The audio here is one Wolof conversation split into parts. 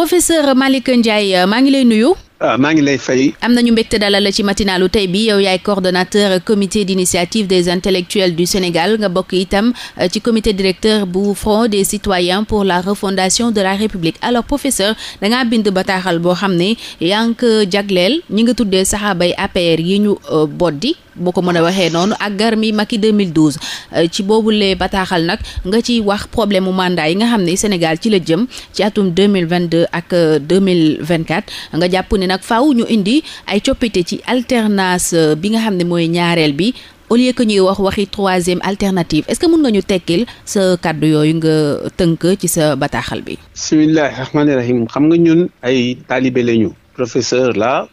professeur Malick Ndiaye euh, maa ngi lay nuyu. Ah, maa ngi lay fay. am nañu mbégte dalal la ci matinalu tey bi yow yaay coordonnateur comité d'initiative des intellectuels du Sénégal nga bokk itam euh, ci comité directeur bu front des citoyens pour la refondation de la République alors professeur da bind bataaxal boo xam ne yaa ngi ko jagleel ñi nga tuddee saxaabay appaire yi ñu euh, boddi boo ko mën a waxee noonu ak Garmi Macky 2012 euh, ci boobulee bataaxal nag nga ciy wax problème mu mandat yi nga xam ne Sénégal ci la jëm ci atum 2022 ak 2024 euh, nga jàpp ne nag faaw ñu indi ay coppite ci alternance euh, bi nga xam ne mooy ñaareel bi au lieu que ñuy wax waxi troisième alternative est-ce que mun nga ñu tekkil sa kàddu yooyu nga tënk ci sa bataaxal bi bismillahi rahmaani xam nga ñun ay taalibe lañu professeur la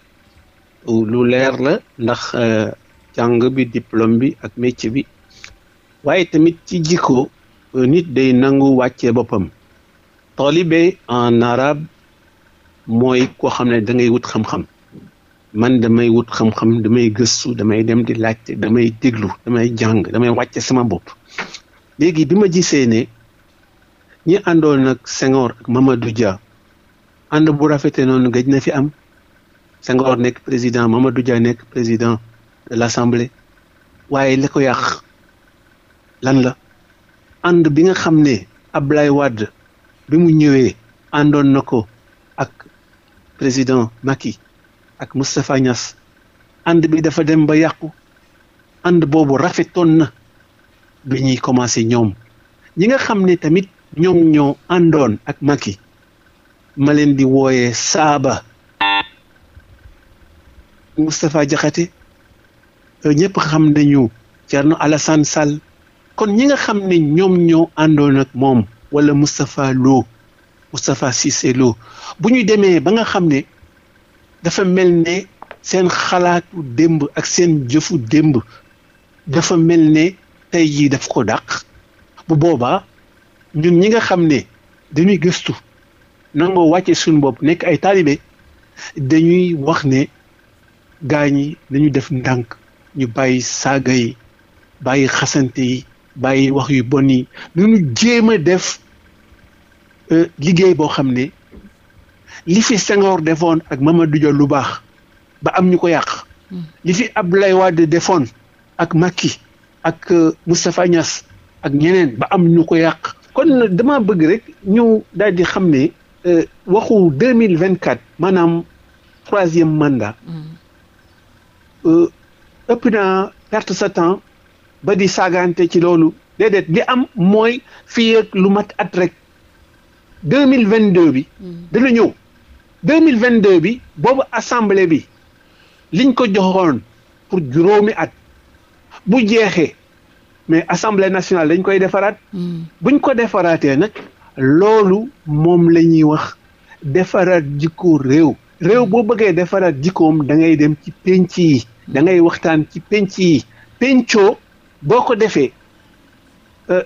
lu leer la ndax jàng bi diplôme bi ak métier bi waaye tamit ci jikko nit day nangu wàccee boppam taalibe en arabe mooy koo xam ne da ngay wut xam-xam man damay wut xam-xam damay gëstu damay dem di laajte damay déglu damay jàng damay wàcce sama bopp léegi bi ma gisee ne ñi àndoon nag Senghor ak Mamadou ànd bu rafetee noonu gëj na fi am Senghor nekk président Mamadou Dia nekk président de l'Assemblée waaye la ko yàq lan la ànd bi nga xam ne Ablaye wàdd bi mu ñëwee àndoon na ko ak président Macky ak Moustapha Niass ànd bi dafa dem ba yàqu ànd boobu rafetoon na bi ñuy commencé ñoom ñi nga xam ne tamit ñoom ñoo àndoon ak Macky ma leen di wooyee saaba Moustapha Diakhaté Euh, ñëpp xam nañu Thierno Alassane Sall kon ñi nga xam ne ñoom ñoo àndoon ak moom wala Moustapha Lo Moustapha Cissé Lo bu ñu demee ba nga xam ne dafa mel ne seen xalaatu démb ak seen jëfu démb dafa mel ne tey jii daf ko dàq bu boobaa ñun ñi nga xam ne dañuy gëstu nangoo wàcce suñu bopp nekk ay taalibe dañuy wax ne gaa ñi dañu def ndànk ñu bàyyi saaga yi bàyyi xasante yi bàyyi wax yu bon yi ñu jéem a def euh, liggéey boo xam ne li fi Senghor defoon ak Mamadou Dia lu baax ba am ñu ko yàq. li fi ab Wade defoon ak Macky ak euh, Moustapha Niass ak ñeneen ba am ñu ko yàq. kon dama bëgg rek ñu daal di xam ne euh, waxu deux mille vingt quatre maanaam troisième mandat. Mm. ëpp naa perte sa temps ba di saagante ci loolu déedéet li am mooy fii ak lu mat at rek deux mille vingt de bi. Mm. dana ñëw deux mille vingt deux bi boobu assemblée bi liñ ko joxoon pour juróomi at bu jeexee mais assamble nationale dañ koy defaraat. Mm. buñ ko defaraatee nag loolu moom la ñuy wax defaraat jikko réew. réew boo bëggee defaraat jikkoom da ngay dem ci pénc yi. da ngay waxtaan ci penc yi pencoo boo ko defee euh,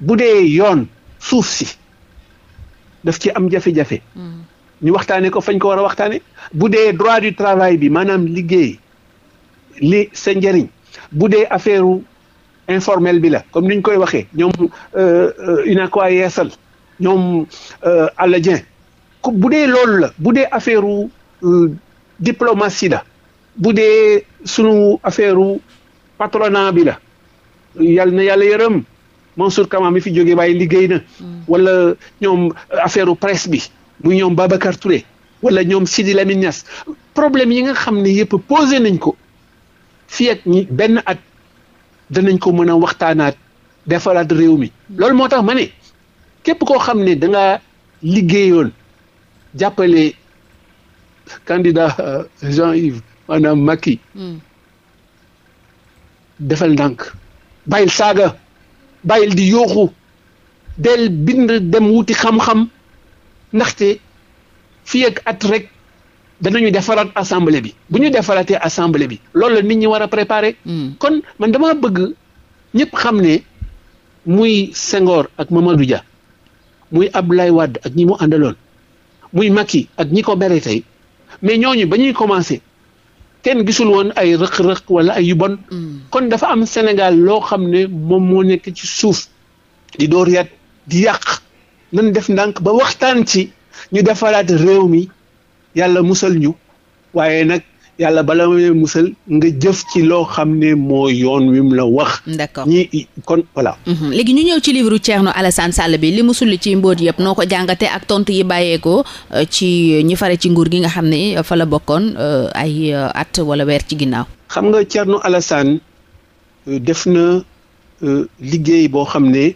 bu dee yoon suuf si daf ci am jafe-jafe hmm. ñu waxtaane ko fañ ko war a waxtaane bu dee droit du travail bi maanaam liggéey li sa njëriñ bu dee affaire informel bi la comme ni koy waxee ñoom euh, UNACOIS Yeesal ñoom euh, Alla Dieng bu dee loolu la bu dee affaire diplomatie la bu dee sunu affaire patronat bi la yal na yàlla yërëm Mansour Kama mi fi jógee waaye liggéey na. Mm. wala ñoom affaire presse bi muy ñoom Babacar Touré wala ñoom Sidi Lamine Niass problème yi nga xam ne yëpp posé nañ ko fii ñi benn at danañ ko mën a waxtaanaat defaraat réew mi. Mm. loolu moo tax ma ne képp koo xam ne danga nga liggéeyoon jàppale candidat euh, Jean-Yves. maanaam Macky hmm. defal ndànk bàyyil saaga bàyyil di yooxu del bind dem wuti xam-xam ndaxte fii ak at rek danañu defaraat assemblée bi bu ñu defaraatee assemblée bi loolu nit ñi war a préparer hmm. kon man dama bëgg ñëpp xam ne muy Senghor ak Mamadou ja muy Abdoulaye Wade ak ñi mu àndaloon muy Macky ak ñi ko mere tey mais ñooñu ba ñuy commencé kenn gisul woon ay rëq-rëq wala ay yu bon. Mm. kon dafa am Sénégal loo xam ne moom moo nekk ci suuf di door yat di yàq nan def ndànk ba waxtaan ci ñu defaraat réew mi yàlla musal ñu waaye nag. yàlla bala ma leen musal nga jëf ci loo xam ne moo yoon wi mu la wax. d'accord ñi kon voilà. Mhm. léegi ñu ñëw ci livre Thierno Alassane Sall bi li mu li ci mbóot yëpp noo ko jàngatee ak tontu yi bàyyeekoo euh, ci euh, ñi fare ci nguur gi nga xam ne euh, fa bokkoon ay at wala ci ginnaaw. xam nga Thierno Alassane def na liggéey boo xam ne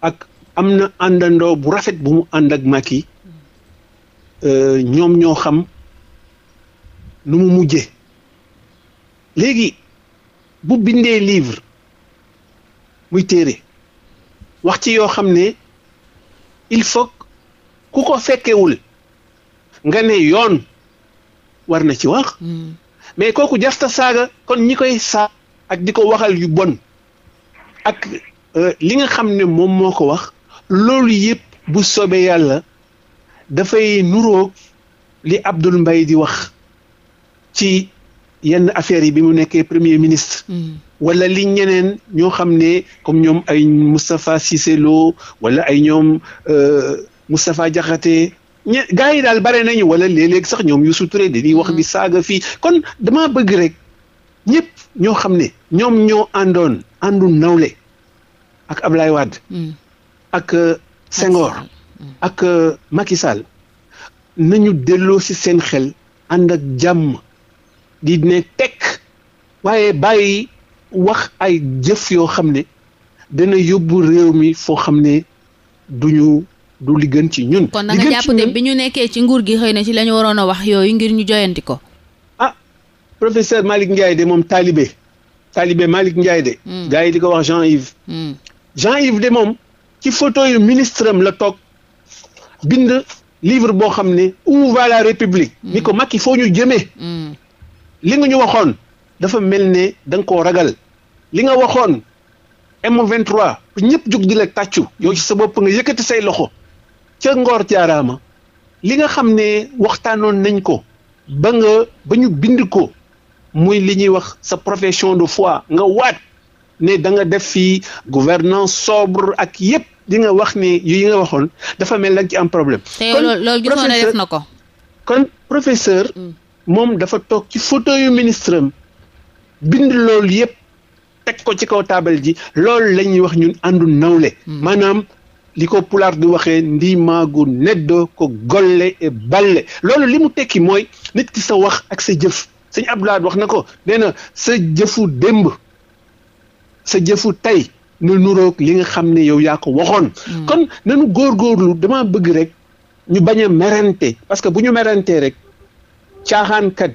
ak am na àndandoo bu rafet bu mu ànd ak Macky ñoom ñoo xam. nu mu mujje léegi bu bindee livre muy téere wax ci yoo xam ne il faut ku ko fekkewul nga ne yoon war na ci wax hmm. mais kooku jasta saaga kon ñi koy saa ak di ko waxal yu bon ak euh, li nga xam ne moom moo ko wax loolu yëpp bu soobee yàlla dafay nuroog li Abdoul mbay di wax ci yenn affaires yi bi mu nekkee premier ministre. Mm. wala li ñeneen ñoo xam ne comme ñoom ay Moustapha Cissé wala ay ñoom euh, Moustapha Diakhaté ñe yi daal bare nañu wala léeg-léeg sax ñoom Youssou Touré dañuy wax mm. di saaga fii kon dama bëgg rek ñëpp ñoo xam ne ñoom ñoo àndoon àndu nawle ak Ablaye Wade. Mm. ak euh, Senghor. ak euh, Macky nañu delloo si seen xel ànd ak jàmm. di ne tek waaye bàyyi wax ay jëf yoo xam ne dana yóbbu réew mi foo xam ne duñu du li gën ci ñun. kon na nga jàpp ne bi nekkee ci nguur gi xëy na ci lañu ñu waroon a wax yooyu ngir ñu joyanti ko. ah professeur malik Ndiaye de moom taalibe taalibe malik Ndiaye de. Hmm. gars di ko wax Jean-Yves. Hmm. Jean-Yves de moom ci photo yu ministre am la toog bind livre boo xam ne où va la république. Hmm. ni ko Macky foo ñu jëmee. li nga ñu waxoon dafa mel ne da nga koo ragal li nga waxoon M23 ñëpp jug di la tàccu yow ci sa bopp nga yëkkati say loxo ca ngoor jaaraama li nga xam ne waxtaanoon nañ ko ba nga ba ñu bind ko muy li ñuy wax sa profession de fois nga waat ne da nga def fii gouvernance sobre ak yëpp li nga wax ne yi nga waxoon dafa mel nag ci am problème. kon na ko. professeur. Mm. moom dafa toog ci photo yu ministre am bind loolu yëpp teg ko ci kaw taabal ji loolu la ñuy wax ñun àndu nawle hmm. maanaam li ko pulaar di waxee ndi maagu neddo ko golle e balle loolu li mu tekki mooy nit ki sa wax ak sa jëf sëñ Abdoulaye wax na ko nee na sa jëfu démb sa jëfu tey nu nuroog li nga xam ne yow yaa ko waxoon hmm. kon nanu góor góorgóorlu dama bëgg rek ñu bañ a merente parce que bu ñu merantee rek caaxaankat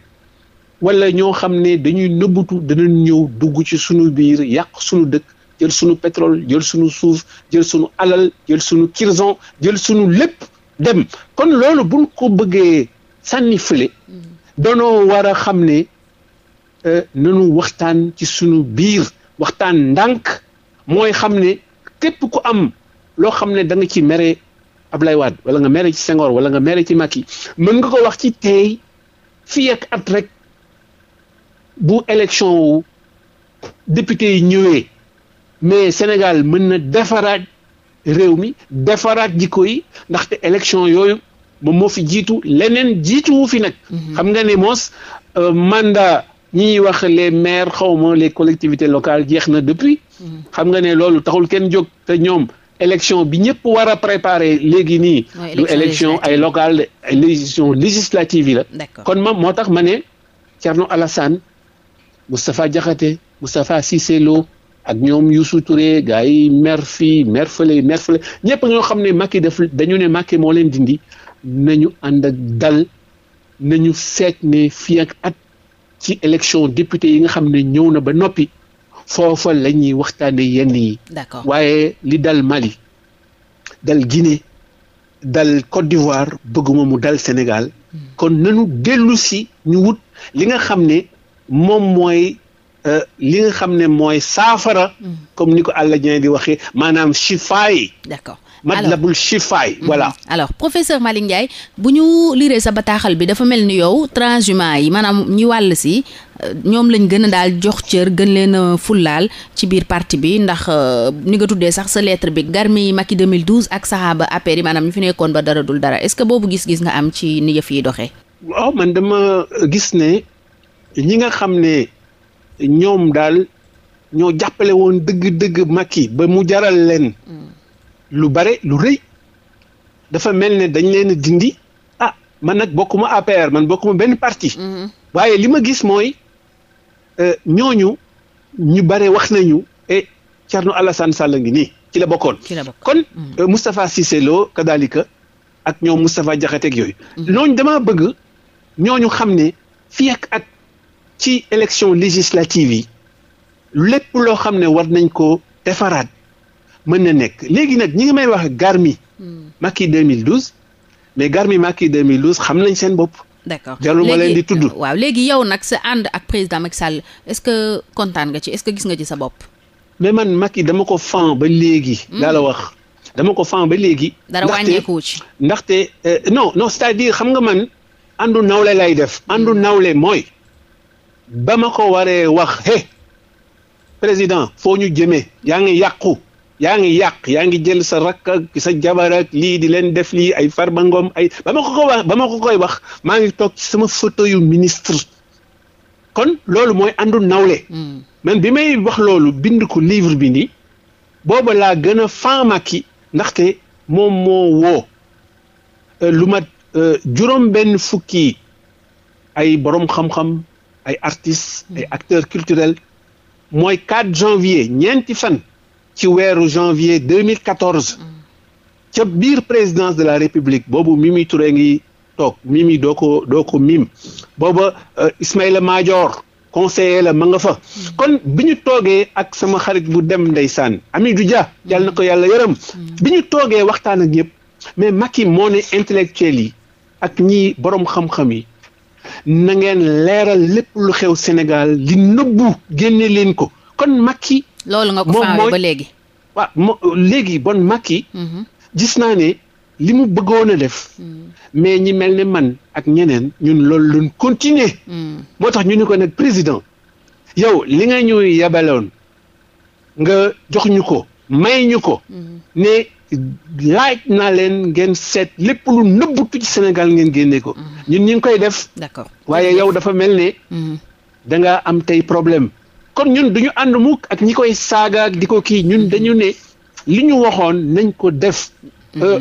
walla ñoo xam ne dañuy nëbbutu danañ ñëw dugg ci sunu biir yàq sunu dëkk jël sunu pétrole jël sunu suuf jël sunu alal jël sunu kirsan jël sunu lépp dem kon loolu buñ ko bëggee sànni fële mm-hmm. danoo war a xam ne euh, nanu waxtaan ci sunu biir waxtaan ndànk mooy xam ne képp ku am loo xam ne da ci mere Ablaye Wade wala nga mere ci Senghor wala nga mere ci Macky mën nga ko wax ci tey fii ak at rek bu élection wu député yi ñëwee mais Sénégal mën na defaraat réew mi defaraat jikko yi ndaxte élection yooyu moom moo fi jiitu leneen jiituwu fi nag mhm. xam nga ne moos euh, mandat ñi ñuy wax les maires xawma les collectivités locale jeex na depuis mhm. xam nga ne loolu taxul kenn jóg te ñoom élection bi ñëpp war a préparer léegi nii. du élection ay locale élection législative yi la. kon moom moo tax ma ne Thierno Alassane Moustapha Diakhaté Moustapha Cissé Lo ak ñoom yu Touré gars yi mer fii mer fële mer ñëpp ñoo xam ne Macky def dañu ne Macky moo leen dindi nañu ànd ak dal nañu seet ne fii ak at ci élection député yi nga xam ne ñëw na ba noppi. foofa la ñuy waxtaane yenn yi waaye li dal Mali dal Guinée dal Côte d'Ivoire bëgguma mu dal Sénégal hmm. kon nanu dellu si ñu wut li nga xam ne moom mooy euh, li nga xam ne mooy saafara hmm. comme ni ko Alla Dieng di waxee maanaam chifaay d'accord Matlabul Chifaay mhm. voilà alors professeur Malick Ndiaye bu ñu liree sa bataaxal bi dafa mel ni yow transhumant yi maanaam ñi wàll si euh, ñoom lañ gën a daal jox cër gën leen a fullaal ci biir parti bi ndax euh, ni nga tuddee sax sa lettre bi Garmi Macky 2012 ak saxaaba APR yi maanaam ñu fi nekkoon ba dara dul dara est-ce que boobu gis-gis nga am ci ni yëf yi doxee waaw man dama euh, gis ne ñi nga xam ne ñoom daal ñoo jàppale woon dëgg-dëgg Macky ba mu jaral leen mm. lu bare lu rëy dafa mel ne dañ leen dindi ah man nag bokkuma APR man bokkuma benn parti mm-hmm. waaye li ma gis mooy euh, ñooñu ñu bare wax nañu et eh, Thierno Alassane Sall ngi nii ci la bokkoon kon mm-hmm. euh, Moustapha Cissé Lo ak ñoom Moustapha Diakhaté yooyu mm-hmm. ñooñu dama bëgg ñooñu xam ne fii ak ci élection législative yi lépp loo xam ne war nañ ko defaraat mën na nekk léegi nag ñi ngi may wax Garmi. Hmm. Macky 2012 mais Garmi Macky 2012 xam nañ seen bopp. d'accord jarul ma leen di tudd. waaw léegi yow nag sa ànd ak président Macky Sall est-ce que kontaan nga ci est-ce que gis nga ci sa bopp. mais man Macky dama ko fan ba léegi. daa hmm. la wax dama ko fan ba léegi. dara wàññeeku ci ndaxte euh, non non c'est-à-dire xam nga man. àndu nawle lay def àndu hmm. nawle mooy ba ma ko waree wax hé président foo ñu jëmee yaa ngi yàqu yaa ngi yàq yaa ngi jël sa rakk sa jabar ak lii di leen def lii ay Farba Ngom ay ba ma ko ko wax ba ma ko koy wax maa ngi toog ci sama photo yu ministre kon loolu mooy àndu nawle hmm. man bi may wax loolu bind ko livre bi nii booba laa gën a faamaki ndaxte moom moo woo euh, lu mat euh, juróom benn fukki ay borom xam-xam ay artistes hmm. ay acteurs culturels mooy 4 janvier ñeenti fan ci weeru janvier 2014 ca biir présidence de la république boobu Mimi Touré ngi toog Mimi doo ko doo ko mim booba euh, Ismaïla Madior conseiller la ma nga fa kon bi ñu toogee ak sama xarit bu dem ndeysaan Amidou Dia yàlla na ko yàlla yërëm bi ñu toogee waxtaan ak ñëpp mais Macky moo ne intellectuel yi ak ñi boroom xam-xam yi na ngeen leeral lépp lu xew Sénégal li nëbbu génne leen ko kon Macky loolu nga ko faawee ba léegi waaw mo léegi bon Macky mhm. gis naa ne li mu bëggoon a def mhm. mais ñi mel ni man ak ñeneen ñun loolu luñ continuer mhm. moo tax ñu ni ko nag président yow li nga ñuy yabaloon nga jox ñu ko may ñu ko ne laaj naa leen ngeen seet lépp lu nëbbutu ci Sénégal ngeen génne ko ñun ñu ngi koy def d'accord waaye yow dafa mel ni da am tey problème kon ñun du ñu ànd mukk ak ñi koy saaga di ko kii ñun mhm. dañu ne li ñu waxoon nañ ko def. Mhm. Euh,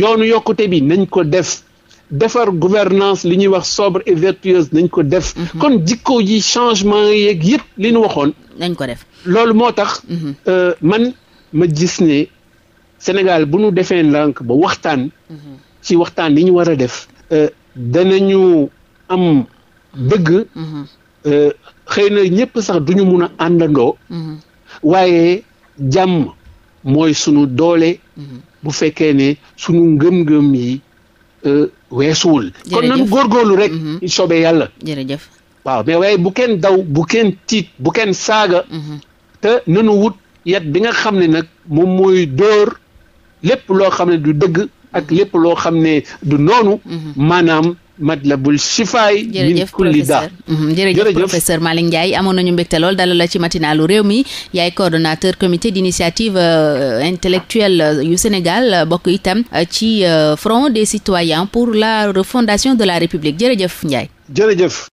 yoonu yokkute bi nañ ko def. defar gouvernance li ñuy wax sobre et vertueuse nañ ko def. Mhm. kon jikko ji changement yeeg yëpp li ñu waxoon. nañ ko def loolu moo tax. Euh, man ma gis ne Sénégal bu nu defee ndànk ba waxtaan. ci waxtaan li ñu war a def. Euh, danañu am dëgg. Euh, xëy na ñëpp sax du ñu mun a àndandoo. Mm-hmm. waaye jàmm mooy sunu doole. Mm-hmm. bu fekkee ne sunu ngëm-ngëm yi euh, weesuwul. kon nañu góorgóorlu rek. Mm-hmm. soobee yàlla. jërëjëf waaw mais waaye bu kenn daw bu kenn tiit bu kenn saaga. te nanu wut yat bi nga xam ne nag moom mooy dóor lépp loo xam ne du dëgg. ak lépp loo xam ne du noonu. maanaam matlabul shifaay min kulli daa mhm, jërëjëf professeur Malick Ndiaye amoon nañu mbégte lool dalal la ci matinalu réew mi yaay coordonnateur comité d'initiative euh, intellectuelle euh, yu Sénégal euh, bokk itam ci front des citoyens pour la refondation de la République jërëjëf Ndiaye